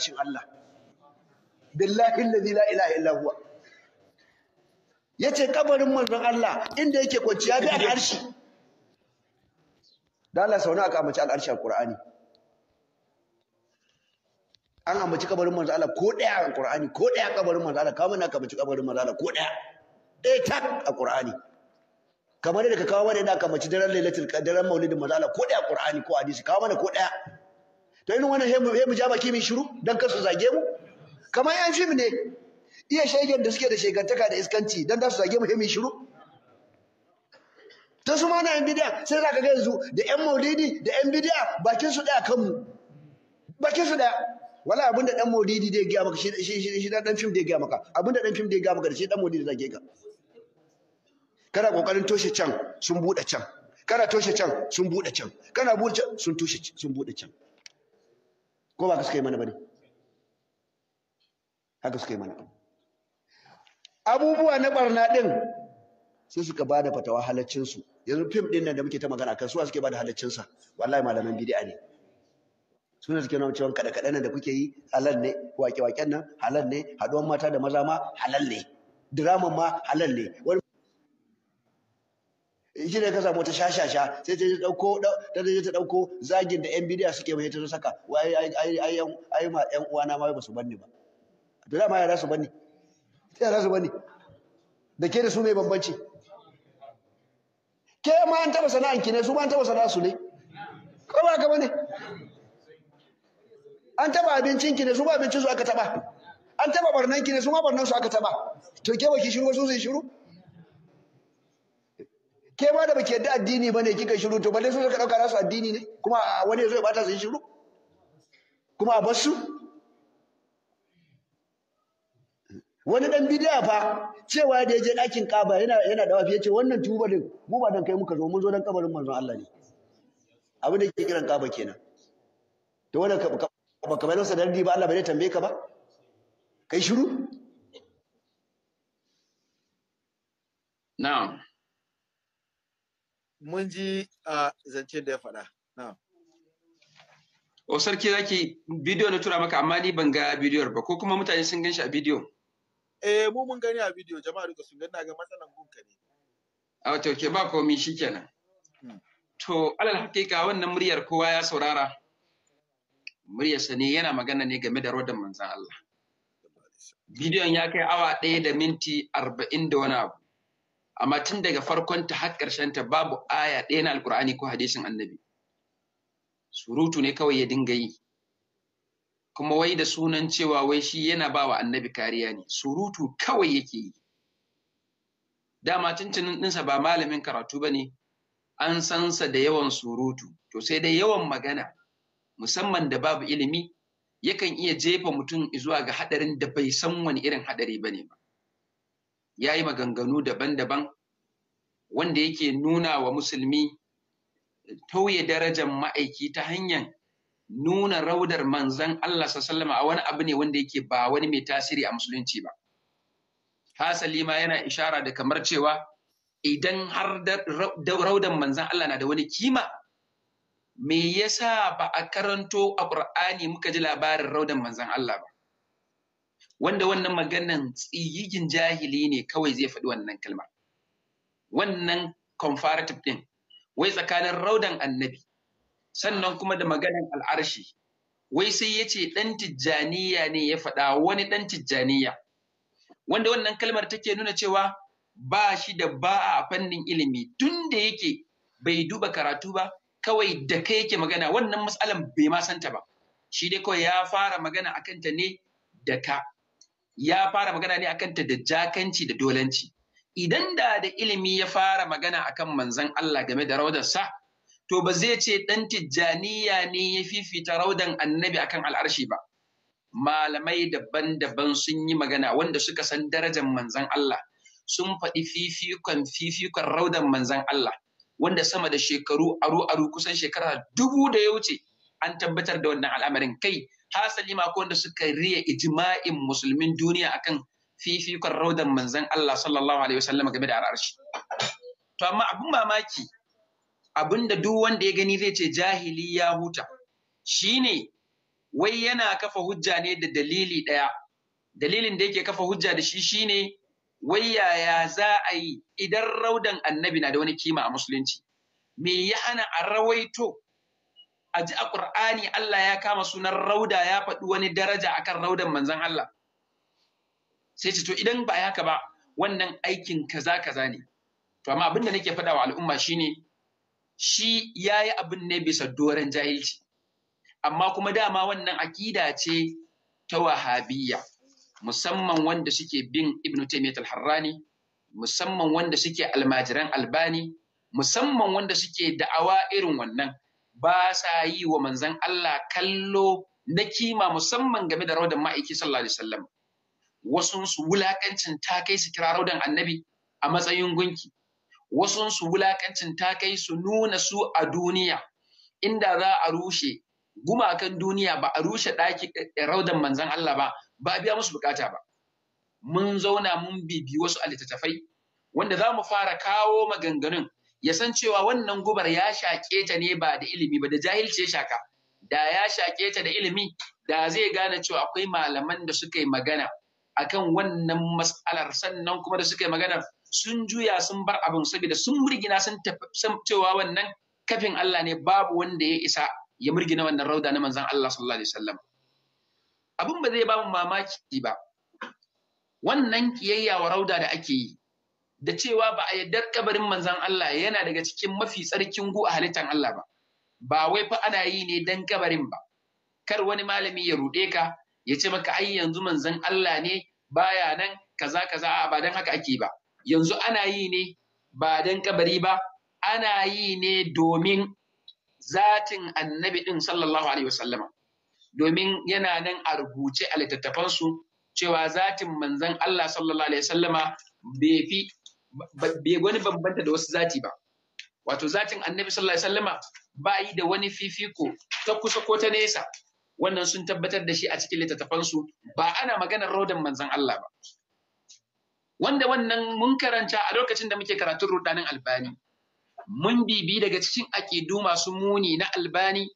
kishin Allah billahi allazi la ilaha illa huwa yace kabarin manzon Allah inda yake kwanciya bi al'arshi da Allah sauna aka amince al'arshi alqur'ani an amince kabarin manzon Allah ko daya a Qur'ani ko daya kabarin manzon Allah kamar na aka ambaci kabarin manzon Allah ko daya ɗaya tak a Qur'ani kamar da ka kawo mana da aka ambaci daren lailatul qadr daren maulidin manzon Allah ko daya Qur'ani ko hadisi kawo mana ko daya da irin wannan mu ja baki mu shiru dan kar su zage mu kamar yan fim ne iya shegen da suke da shegantaka da iskanci dan da su zage mu he mu shiru ta su ma na yan bidiya sai za ka ga yanzu da yan maulidi da yan bidiya bakin su daya kanmu bakin su daya wala abin da dan maulidi da ya gaya maka shi shi shi dan fim da ya gaya maka abin da dan fim da ya gaya maka da shi dan maulidi zage ka kana kokarin toshe can sun bude can kana toshe can sun bude can kana bude can sun toshe sun bude can ko ba ka suka yi mana bane haka suka yi mana abubuwa na barna din sai suka ba da fatawa halaccinsu yanzu fim din nan da muke ta magana kan suwa suke ba da halaccinsa wallahi malaman bid'a ne suna suke nuna cewa kada kada nan da kuke yi halal ne wake waken nan halal ne haduwan mata da maza ma halal ne drama ma halal ne shi ne ka samu ta sha sai ta je dauko ta je ta dauko zagin da yan bidiya suke mai ta saka wai ai ai ai ma yan uwana ma ba su banni ba to da ma yara su banni yara su banni da ke da su mai bambanci ke ma an taba sana'an ki ne su ma an taba sana'an su ne ko ba ka bane an taba abincin ki ne su ba abincin su aka taba an taba barnan ki ne su ma barnan su aka taba to ke ba ki shiru ba su zai shiru ke ma da baki yadda addini ba ne kika shiru to balle su suka dauka nasu addini ne kuma wani zo ya bata su shiru kuma a basu wani dan bidiya fa cewa da ya je ɗakin kaba yana yana da wafi yace wannan din mu ba dan kai muka zo mun zo dan kabarin manzon Allah ne abu da ke kiran kaba kenan to wannan ba kamar masa da ba Allah bai tambaye ka ba kai shiru na'am mun ji a zancen da ya faɗa. O sarki zaki bidiyo na tura maka amma ni ban ga bidiyo ba ko kuma mutane sun gan shi a bidiyo. Eh mu mun gani a bidiyo jama'a duka sun gani ga matsalan gunka ne. A wata ke ba komi shikenan. Hmm. To alal hakika wannan muryar kowa ya saurara. Muryarsa ne yana magana ne game da rodan manzan Allah. Bidiyon ya kai awa ɗaya da minti arba'in da wani abu. amma tun daga farkon ta har ƙarshen ta babu aya ɗaya na alkur'ani ko hadisin annabi surutu ne kawai ya dinga yi kuma wai da sunan cewa wai shi yana ba wa annabi kariya ne surutu kawai yake yi dama tuntunin ɗinsa ba malamin karatu ba ne an sa da yawan surutu to sai dai yawan magana musamman da babu ilimi yakan iya jefa mutum zuwa ga haɗarin da bai san wani irin haɗari ba ne ba ya yi maganganu daban-daban wanda yake nuna wa musulmi tauye darajar ma'aiki ta hanyar nuna raudar manzan Allah sallama a wani abu ne wanda yake ba wani mai tasiri a musulunci ba. Hasali ma yana ishara da kamar cewa idan har raudar manzan Allah na da wani kima me yasa ba a karanto a ƙur'ani muka ji labarin raudar manzan Allah ba. wanda wannan maganan tsigigin jahili ne kawai zai faɗi wannan kalmar wannan comparative ɗin wai tsakanin raudan annabi sannan kuma da maganan al'arshi wai sai ya ce ɗan tijjaniya ne ya faɗa wani ɗan tijjaniya wanda wannan kalmar take nuna cewa ba shi da ba a fannin ilimi tun da yake bai duba karatu ba kawai da kai yake magana wannan matsalan bai ma santa ba shi dai kawai ya fara magana a kanta ne da ka ya fara magana ne akan ta da jakanci da dolanci idan da da ilimi ya fara magana akan manzon Allah game da raudarsa to ba zai ce ɗan tijjaniya ne ya fifita raudan annabi akan al'arshi ba malamai daban-daban sun yi magana wanda suka san darajar manzon Allah sun faɗi fifikon fifikon raudan manzon Allah wanda sama da shekaru aru aru kusan shekara dubu da ya wuce an tabbatar da wannan al'amarin kai hasali ma wanda suka riya ijma'in musulmin duniya akan fifikon raudan manzon Allah sallallahu alaihi wasallam game da ararshi to amma abin mamaki abinda duk wanda ya gani zai ce jahili ya huta shine wai yana kafa hujja ne da dalili ɗaya dalilin da yake kafa hujja da shi shine wai yaya za a yi idan raudan annabi na da wani kima a musulunci me ya hana a rawaito a ji a ƙur'ani Allah ya kama sunan rauda ya faɗi wani daraja akan raudan manzan Allah sai ce to idan ba haka ba wannan aikin kaza kaza ne to amma abin da nake faɗa wa al'umma shine shi ya yi abin ne bisa doren jahilci amma kuma dama wannan aƙida ce ta wahabiyya musamman wanda suke bin Ibn Taymiyyah al-Harrani musamman wanda suke almajiran albani musamman wanda suke da'awa irin wannan ba sa yi wa manzan Allah kallo na kima musamman game da raudan ma'aiki sallallahu alaihi wasallam wasunsu wulakancin ta kai su kira raudan annabi a matsayin gunki wasunsu wulakancin ta kai su nuna su a duniya inda za a rushe gumakan duniya ba a rushe ɗaki eh, raudan manzan Allah ba ba biya musu bukata ba mun zauna mun bibi wasu a littattafai wanda za mu fara kawo maganganun ya san cewa wannan gubar ya shaƙe ta ne ba da ilimi ba da jahilci ya shaka da ya shaƙe ta da ilimi da zai gane cewa akwai malaman da suka yi magana akan wannan mas'alar sannan kuma da suka yi magana sun juya sun bar abin saboda sun murgina sun cewa wannan kafin Allah ne babu wanda ya isa ya murgina wannan rauda na manzon Allah sallallahu alaihi wasallam abin ba zai ba mu mamaki ba wannan kiyayya wa rauda da ake yi da cewa ba a yardar kabarin manzan Allah yana daga cikin mafi tsarkin gu a halittar Allah ba. Ba wai fa ana yi ne dan kabarin ba. Kar wani malami ya ruɗe ka ya ce maka ai yanzu manzan Allah ne baya nan kaza kaza ba dan haka ake ba. Yanzu ana yi ne ba dan kabari ba, ana yi ne domin zatin annabi ɗin sallallahu alaihi wasallama. Domin yana nan a rubuce a littattafansu cewa zatin manzan Allah sallallahu alaihi wasallama bai fi bai wani bambanta da wasu zati ba wato zatin annabi sallallahu alaihi sallama ba yi da wani fifiko ta kusa ko ta nesa wannan sun tabbatar da shi a cikin littattafansu ba ana maganar rodon manzan Allah ba wanda wannan mun karanta a lokacin da muke karatun rudanin albani mun bibi daga cikin aƙidu masu muni na albani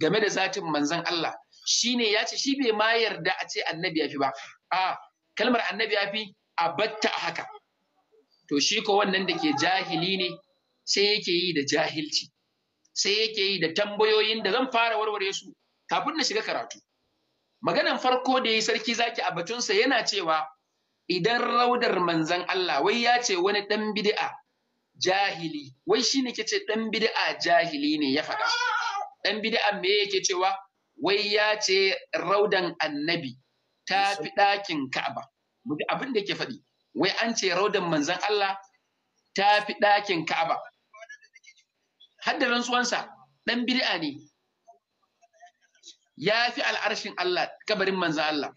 game da zatin manzan Allah shi ne ya ce shi bai ma yarda a ce annabi ya fi ba a kalmar annabi ya fi a batta a haka to shi ko wannan da ke jahili ne sai yake yi da jahilci sai yake yi da tambayoyin da zan fara warware su kafin na shiga karatu maganan farko da yi sarki zaki a batunsa yana cewa idan raudar manzan Allah wai ya ce wani ɗan bid'a jahili wai shi ne ke ce ɗan bid'a jahili ne ya faɗa ɗan bid'a me yake cewa wai ya ce raudan annabi ta fi ɗakin ka'aba abin da ke faɗi wai an ce raudan manzan Allah ta fi ɗakin Ka'aba. Hadda rantsuwansa ɗan bid'a ne ya fi al'arshin Allah kabarin manzan Allah.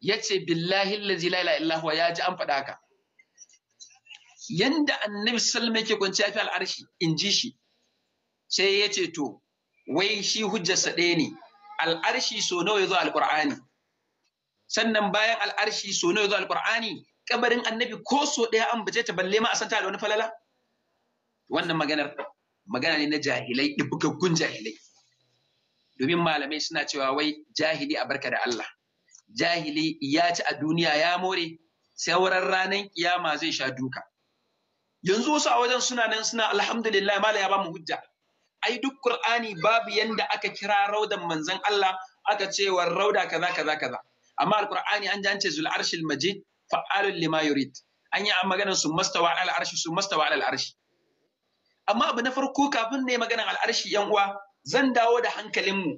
Ya ce billahi lazi la illahu ya ji an faɗa ka Yanda annabi Salma yake kwanci ya fi al'arshi in ji shi. Sai ya ce to wai shi hujjarsa ɗaya ne al'arshi so nawa ya zo alƙur'ani. sannan bayan al'arshi so nawa ya zo alƙur'ani kabarin annabi ko so ɗaya an bace ta balle ma a santa da wani falala wannan maganar magana ne na jahilai ɗibgaggun jahilai domin malamai suna cewa wai jahili a barka da Allah jahili ya ci a duniya ya more sai sauran ranar kiyama zai sha duka yanzu wasu a wajen suna nan suna alhamdulillah mala ya bamu hujja ai duk qur'ani babu yanda aka kira raudan manzon Allah aka ce wa rauda kaza kaza kaza amma alqur'ani an jance zul arshil majid fa'alun lima yurid an yi maganar su mastawa al arshi su mastawa al arshi amma abu na farko kafin ne maganar al arshi yan uwa zan dawo da hankalinmu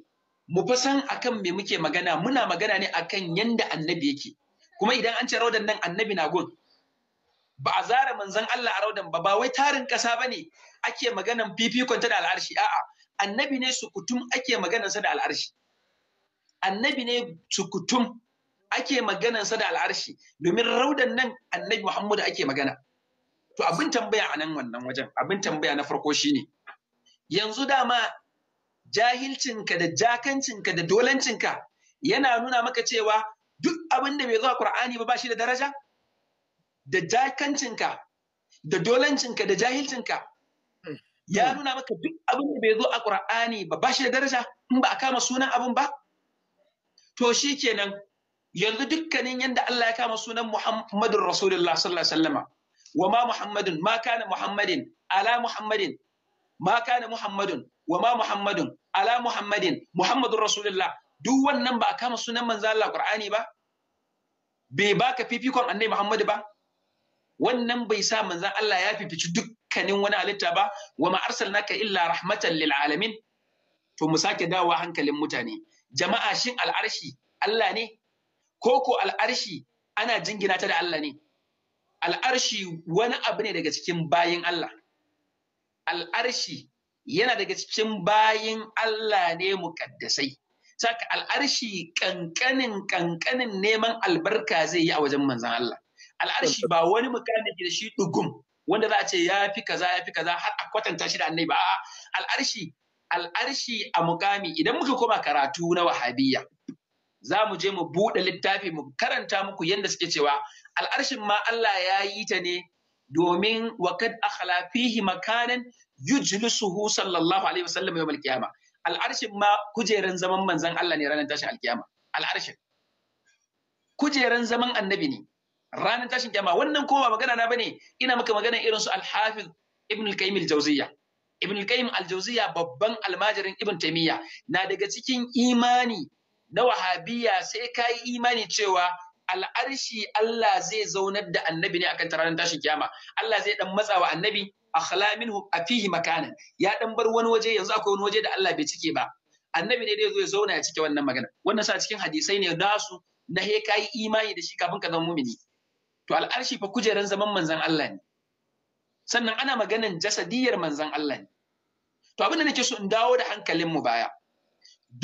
mu fa san akan me muke magana muna magana ne akan yanda annabi yake kuma idan an ce raudan nan annabi na gun ba a zara manzon Allah a raudan ba ba wai tarin kasa bane ake maganan fifikon ta da al'arshi a'a annabi ne su kutum ake maganar sa da al'arshi annabi ne su kutum. ake maganansa da al'arshi domin raudan nan annabi Muhammadu ake magana. To abin tambaya a nan wannan wajen, abin tambaya na farko shine yanzu dama jahilcinka da jakancinka da dolancinka yana nuna maka cewa duk abin da bai zo a Qur'ani ba ba shi da daraja? Da jakancinka, da dolancinka, da jahilcinka, ya hmm. nuna maka duk abin da bai zo a Qur'ani ba ba shi da daraja in ba a kama sunan abin ba? To shi kenan yanzu dukkanin yadda Allah ya kama sunan Muhammadun Rasulullah sallallahu alaihi wa ma Muhammadun ma kana Muhammadin ala Muhammadin ma kana Muhammadun wa ma Muhammadun ala Muhammadin Muhammadun Rasulullah duk wannan ba a kama sunan manzo Allah Qur'ani ba bai baka fifikon annabi Muhammad ba wannan bai sa manzan Allah ya fifici dukkanin wani halitta ba wa ma arsalnaka illa rahmatan lil alamin to mu sake dawowa hankalin mutane jama'a shin al'arshi Allah ne ko ko al'arshi ana jingina ta da Allah ne al'arshi wani abu ne daga cikin bayin Allah al'arshi yana daga cikin bayin Allah ne muƙaddasai saka al'arshi ƙanƙanin ƙanƙanin neman albarka zai yi a wajen manzan Allah al'arshi ba wani mukamin da shi ɗugum wanda za a ce ya fi kaza ya fi kaza har a kwatanta shi da annabi ba al'arshi al'arshi a mukami idan muka koma karatu na wahabiyya za mu je mu buɗe littafi mu karanta muku yadda suke cewa al'arshin ma Allah ya yi ta ne domin wakad a fihi makanan yujlisuhu sallallahu alaihi wasallam yawmal qiyama al'arshin ma kujeran zaman manzan Allah ne ranar tashin alkiyama al'arshin kujeran zaman annabi ne ranar tashin kiyama wannan kuma magana na bane ina maka magana irin su al ibn al-qayyim al-jawziyya ibn al-qayyim al-jawziyya babban almajirin ibn taymiya na daga cikin imani na wahabiya sai ka yi imani cewa al'arshi Allah zai zaunar da annabi ne akan ranar tashin kiyama Allah zai dan matsa wa annabi akhla minhu afihi makanan ya dan bar wani waje yanzu akwai wani waje da Allah bai cike ba annabi ne dai zo ya zauna ya cike wannan magana wannan sa cikin hadisai ne su na he yi imani da shi kafin ka zama mumini to al'arshi fa kujeran zaman manzon Allah ne sannan ana maganan jasadiyar manzon Allah ne to abin da nake so in dawo da hankalin mu baya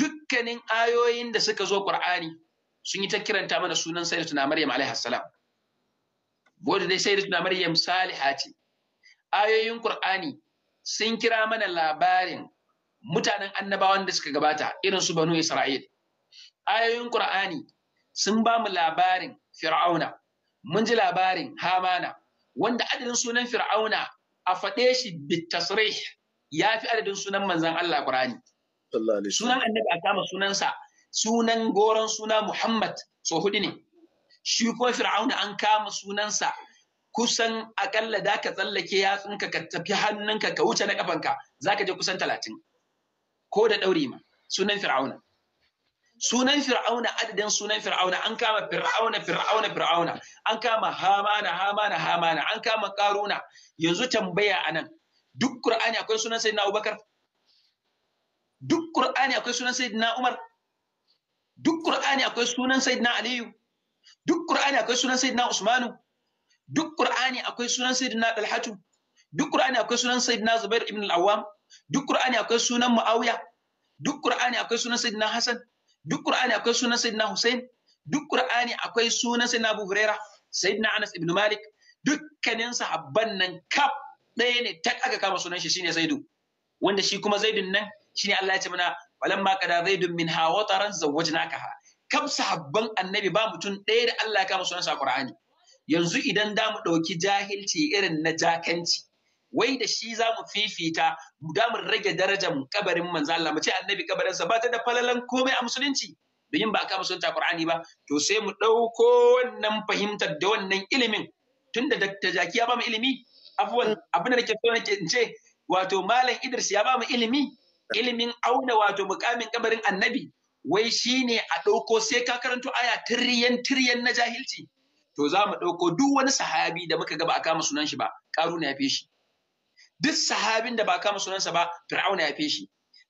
dukkanin ayoyin da suka zo ƙur'ani sun yi ta kiranta mana sunan Sayyidatuna Maryam alaiha salam wanda dai Sayyidatuna Maryam saliha ce ayoyin ƙur'ani sun kira mana labarin mutanen annabawan da suka gabata irin su Banu Isra'il ayoyin ƙur'ani sun ba mu labarin Fir'auna mun ji labarin Hamana wanda adadin sunan Fir'auna a faɗe shi bitasrih ya fi adadin sunan manzan Allah Qur'ani sunan annabi a kama sunansa sunan goron suna muhammad so hudu ne shi ko fir'auna an kama sunansa kusan akalla da ka tsallake yatsunka ka tafi hannunka ka wuce na kafanka za ka je kusan talatin ko da ɗauri ma sunan fir'auna sunan fir'auna adadin sunan fir'auna an kama fir'auna fir'auna fir'auna an kama hamana hamana hamana an kama karuna yanzu tambaya anan duk qur'ani akwai sunan sayyidina abubakar duk Qur'ani akwai sunan Sayyidina Umar duk Qur'ani akwai sunan Sayyidina Aliyu duk Qur'ani akwai sunan Sayyidina Usmanu duk Qur'ani akwai sunan Sayyidina Dalhatu duk Qur'ani akwai sunan Sayyidina Zubair ibn al-Awwam duk Qur'ani akwai sunan Muawiya duk Qur'ani akwai sunan Sayyidina Hassan duk Qur'ani akwai sunan Sayyidina Hussein duk Qur'ani akwai sunan Sayyidina Abu Hurairah Sayyidina Anas ibn Malik dukkanin sahabban nan kaf ɗaya ne ta aka kama sunan shi shine Saidu wanda shi kuma zaidun nan shine Allah ya ce mana walamma kada zaidun min hawataran zawwajnakaha kam sahabban annabi ba mutum ɗaya da Allah ya kama sunan sa Qur'ani yanzu idan da mu ɗauki jahilci irin na jakanci wai da shi za mu fifita da mu rage darajar kabarin manzo Allah mu ce annabi kabarinsa ba ta da falalan komai a musulunci domin ba a kama sunan Qur'ani ba to sai mu ɗauko wannan fahimtar da wannan ilimin tunda da jaki ya ba mu ilimi abubuwan abin da nake so nake in ce wato malam Idris ya ba mu ilimi ilimin auna wato mukamin kabarin annabi wai shine a ɗauko sai ka karanto aya tiriyan tiriyan na jahilci to za mu ɗauko duk wani sahabi da muka gaba a kama sunan shi ba karuna ya feshi duk sahabin da ba a kama sunansa ba Fir'aun ya feshi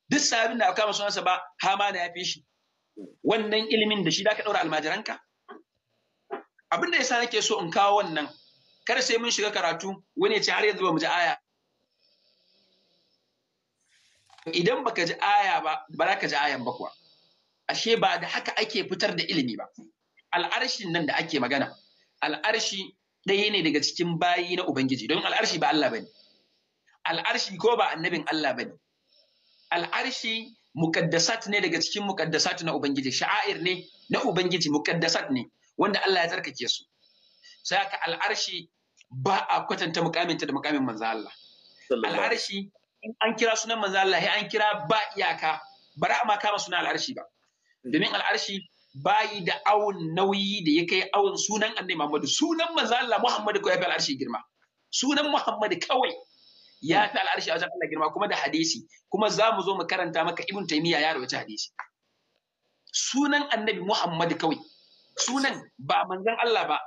duk sahabin da ba a kama sunansa ba hamana ya feshi wannan ilimin da shi da ka ɗaura almajiranka abin da yasa nake so in kawo wannan kar sai mun shiga karatu wani ya ce har yanzu ba mu ji aya idan baka ji aya ba ba za ka ji ayan ba kuwa ashe ba da haka ake fitar da ilimi ba al'arshin nan da ake magana al'arshi ɗaya ne daga cikin bayi na ubangiji don al'arshi ba Allah bane al'arshi ko ba annabin Allah bane al'arshi mukaddasat ne daga cikin mukaddasat na ubangiji sha'air ne na ubangiji mukaddasat ne wanda Allah ya tsarkake su sai haka al'arshi ba a kwatanta mukaminta da mukamin manzo Allah al'arshi in an kira sunan manzo Allah an kira ba iyaka bara a ma kama sunan al'arshi ba domin al'arshi bayi da awun nauyi da ya kai awun sunan annabi Muhammadu sunan manzo Allah Muhammadu ko ya fi al'arshi girma sunan Muhammadu kawai ya fi al'arshi a wajen Allah girma kuma da hadisi kuma za mu zo mu karanta maka Ibn Taymiya ya rawaita hadisi sunan annabi Muhammadu kawai sunan ba manzon Allah ba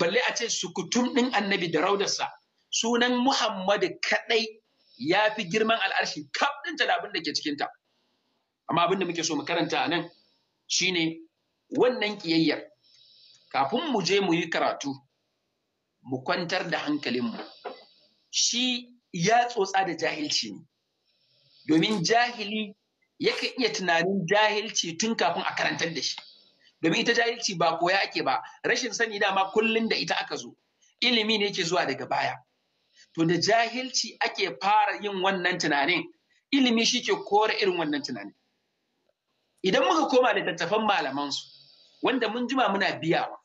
balle a ce sukutum din annabi da raudarsa sunan Muhammadu kadai ya fi girman al'arshi kaf ɗinta da abin da ke cikinta. Amma abin da muke so mu karanta a nan shine wannan kiyayyar. kafin mu je mu yi karatu mu kwantar da hankalinmu shi ya tsotsa da jahilci ne domin jahili yakan iya tunanin jahilci tun kafin a karantar da shi domin ita jahilci ba koya ake ba rashin sani dama kullum da ita aka zo ilimi ne yake zuwa daga baya to da jahilci ake fara yin wannan tunanin ilimi shi ke kora irin wannan tunanin idan muka koma littattafan malamansu wanda mun jima muna biyawa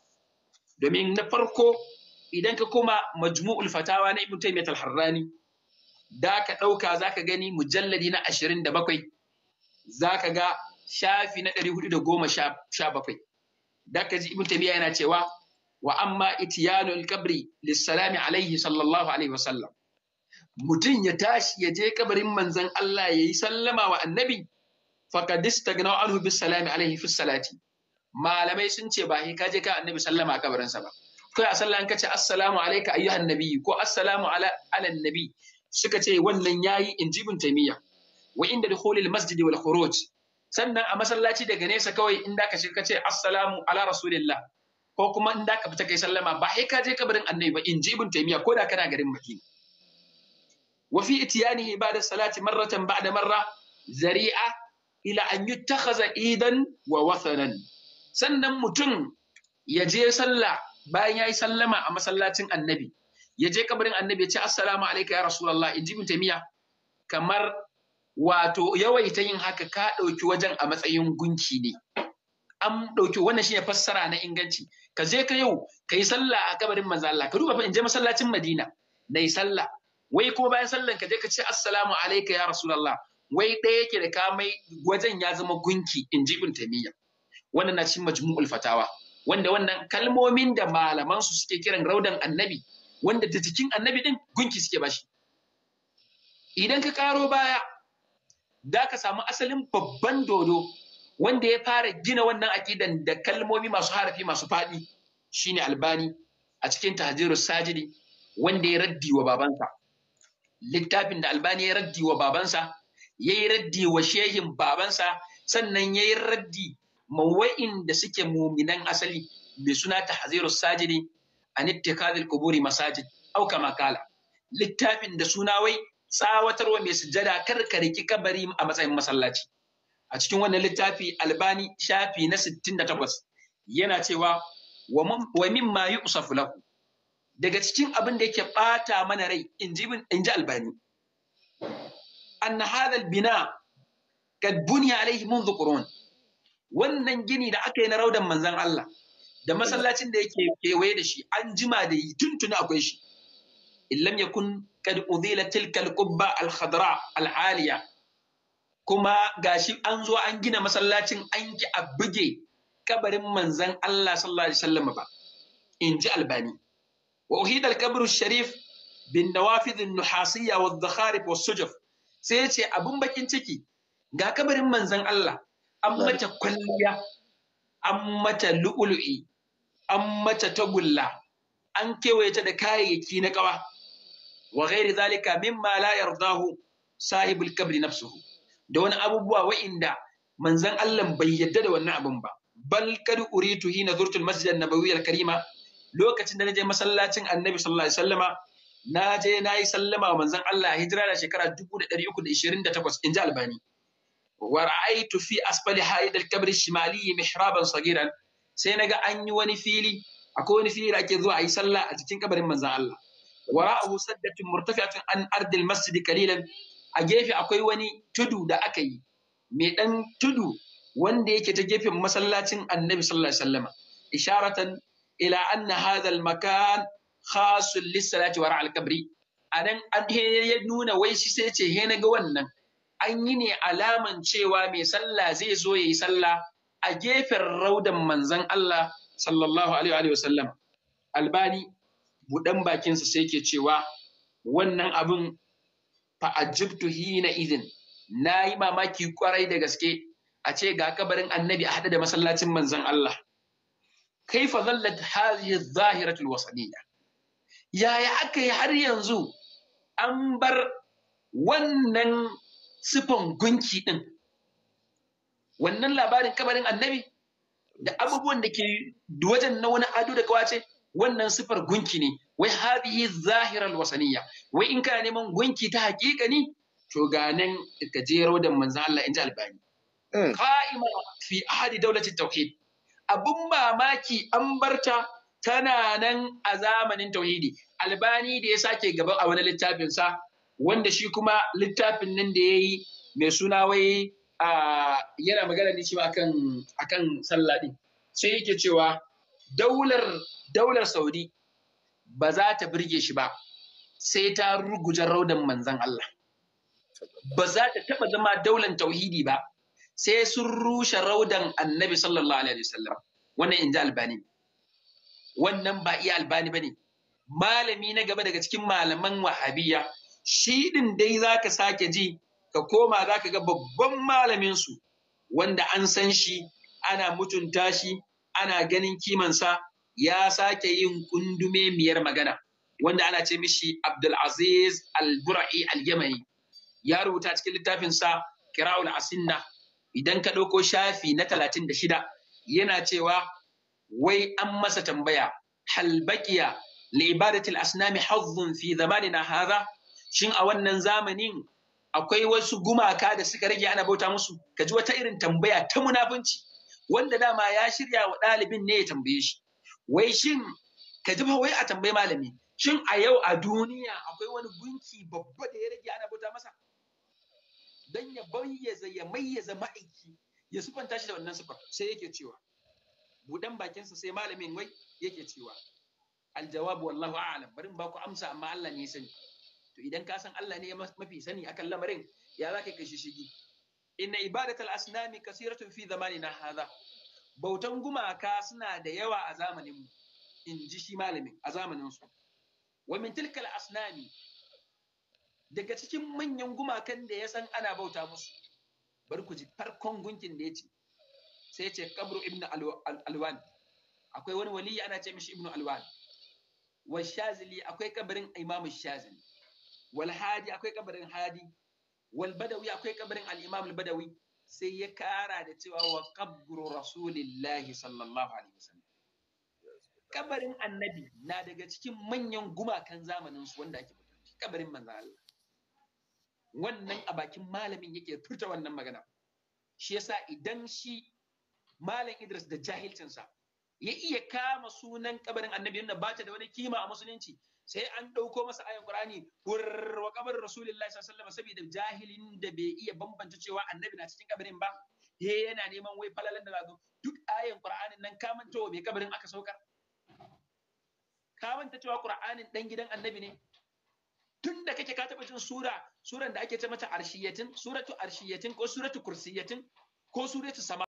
domin na farko idan ka koma majmu'ul fatawa na ibn taymiyyah al-harrani da ka ɗauka zaka gani mujalladi na ashirin da bakwai ga shafi na ɗari da goma da ka ji ibn taymiyyah yana cewa wa amma itiyanul kabri lissalami alaihi sallallahu alaihi wasallam mutum ya tashi ya je kabarin manzon Allah ya yi sallama wa annabi faqad istagna anhu bis salami alaihi fi salati malamai sun ce ba ka je ka annabi sallama a kabarinsa ba kai a sallah an kace assalamu alayka ayyuhan nabi ko assalamu ala suka ce wannan yayi injibin tamiya wa inda dukhulil masjid wal khuruj sannan a masallaci daga nesa kawai in da ka shiga kace assalamu ala rasulillah ko kuma in da ka fita kai sallama ba sai ka je kabarin annabi ba in ji ibn taymiya ko da kana garin madina wa fi itiyanihi ba'da salati marratan ba'da marra zari'a ila an yutakhadha idan wa wathanan sannan mutum ya je sallah bayan yayi sallama a masallacin annabi ya je kabarin annabi ya ce assalamu alayka ya rasulullah in ji ibn taymiya kamar wato yawaita yin haka ka ɗauki wajen a matsayin gunki ne an ɗauki wannan shine fassara na inganci ka je ka yau ka yi sallah a kabarin manzo Allah ka duba fa in je masallacin Madina na yi sallah wai ko bayan sallan ka je ka ce assalamu alayka ya rasulullah wai ɗaya yake da kamai wajen ya zama gunki in ji ibn taymiya wannan na cikin majmu'ul fatawa wanda wannan kalmomin da malaman su suke kiran raudan annabi wanda da jikin annabi din gunki suke bashi idan ka karo baya da ka samu asalin babban dodo wanda ya fara gina wannan akidan da kalmomi masu harafi masu faɗi shine albani a cikin tahzirus sajidi wanda ya raddi wa babansa littafin da albani ya raddi wa babansa ya yi raddi wa shehin babansa sannan ya yi raddi mawa'in da suke muminan asali mai suna tahzirus sajidi a ittikadil kuburi masajid auka makala littafin da suna wai tsawatarwa mai ka karkariki kabari a matsayin masallaci a cikin wannan littafi albani shafi na 68 yana cewa wa mimma yusafu lahu daga cikin abin da yake bata mana rai in ji albani an hadha albina kad bunya alaihi منذ qurun wannan gini da aka yi na raudan manzon Allah da masallacin da yake kewaye da shi an jima da yi tuntuni akwai shi in lam yakun kad udila tilka al-qubba al al kuma gashi an zo an gina masallacin an ki a buge kabarin manzan Allah sallallahu alaihi wasallam ba in ji albani wa uhida al sharif bin nawafidh an-nuhasiyya wa adh-dakharib wa sai ya ce abun bakin ciki ga kabarin manzan Allah an mata kwalliya an mata lu'ulu'i an mata tagulla an kewaye ta da kayayyaki na kawa wa ghairi zalika mimma la yardahu sahibul kabri nafsuhu da wani abubuwa wa'inda manzon Allah bai yadda da wannan abin ba bal kad uritu hina zurtul masjid an karima lokacin da naje masallacin annabi sallallahu alaihi wasallama na je na yi sallama wa manzon Allah hijira da shekara 328 inji albani wa ra'aytu fi asfali haidal al-kabr shimali mihraban sagiran sai naga an yi wani fili akwai wani fili da ake zuwa a yi sallah a cikin kabarin Manzan Allah wara'ahu saddatun murtafi'atun an ardil masjid qalilan a gefe akwai wani tudu da aka yi mai ɗan tudu wanda yake ta gefen masallacin annabi sallallahu alaihi wasallama isharatan ila anna hadha al-makan khasun wa ra'al kabri anan an ya nuna wai shi sai ce he na ga wannan an yi ne alaman cewa mai sallah zai zo yayi sallah a gefen raudan manzon Allah sallallahu alaihi wa sallam albani budan bakinsa sai ke cewa wannan abin fa'ajibtu hina idin na yi mamaki kwarai da gaske a ce ga kabarin annabi a haɗe da masallacin manzon Allah kaifa zallat hadhihi zahiratul wasaniyya yaya aka yi har yanzu an bar wannan sifan gunki ɗin wannan labarin kabarin annabi da abubuwan da ke wajen na wani ado da kawace wannan sifar gunki ne wai hadhihi zahiral wasaniya. wai in kana neman gunki ta hakika ne to ga nan ka je raudan manzo Allah inji albani hmm. qa'ima fi ahadi dawlati tauhid abun mamaki an barta tana nan a zamanin tauhidi albani da ya sake gaba a wani littafin sa wanda shi kuma littafin nan da yayi mai suna wai ah, yana magana ne shi akan akan sallah din sai yake cewa daular daular saudi ba za ta birge shi ba sai ta ruguja raudan manzan Allah ba za ta taba zama daular tauhidi ba sai sun rushe raudan annabi sallallahu alaihi wasallam wannan inji albani wannan ba iya albani bane malami na gaba daga cikin malaman wahabiya shi din dai zaka sake ji ka koma zaka ga babban malamin su wanda an san shi ana mutunta shi ana ganin kimansa ya sake yin kundume miyar magana wanda ana ce mishi Abdulaziz Al-Bura'i Al-Yamani ya rubuta cikin littafinsa Kira'ul Asinna idan ka ɗauko shafi na talatin da shida yana cewa wai an masa tambaya halbakiya libadatil asnami hazzun fi zamanina hadha shin a wannan zamanin akwai wasu gumaka da suka rage ana bauta musu kaji wata irin tambaya ta munafunci wanda dama ya shirya wa ɗalibin ne ya tambaye shi wai shin ka ji wai a tambayi malami shin a yau a duniya akwai wani gunki babba da ya rage ana bauta masa dan ya bayyaza ya mayyaza ma'aiki ya sufanta shi da wannan sufar sai yake cewa budan bakinsa sai malamin wai yake cewa aljawab wallahu a'lam bari ba ku amsa amma Allah ne ya sani to idan ka san Allah ne mafi sani akan lamarin ya za ka kai shishigi inna ibadatal asnami kasiratun fi zamanina hadha bautan gumaka suna da yawa a zamanin mu in ji shi malamin a zamanin su wa min tilkal asnami daga cikin manyan gumakan da ya san ana bauta musu bar ji farkon gunkin da ya ce sai ce qabru ibn alwan akwai wani waliyi ana ce mishi ibn alwan wa shazili akwai kabarin imamu shazili wal hadi akwai kabarin hadi wal badawi akwai kabarin al-imam al-badawi sai ya kara da cewa wa qabru rasulillahi sallallahu alaihi wasallam kabarin annabi na daga cikin manyan gumakan zamanin su wanda ake mutunci kabarin manzo Allah wannan a bakin malamin yake furta wannan magana shi yasa idan shi malam Idris da jahilcinsa ya iya kama sunan kabarin annabi wanda bata da wani kima a musulunci sai an ɗauko masa ayan ƙur'ani wa kabar Rasulullahi sallallahu alaihi saboda jahilin da bai iya bambanta cewa annabi na cikin kabarin ba he yana neman wai falalan da zazo duk ayan ƙur'anin nan ka manta wa mai kabarin aka saukar ka manta cewa ƙur'anin dan gidan annabi ne tun da kake ka taɓa jin sura suran da ake ce mata arshiyatin suratu arshiyatin ko suratu kursiyatin ko suratu sama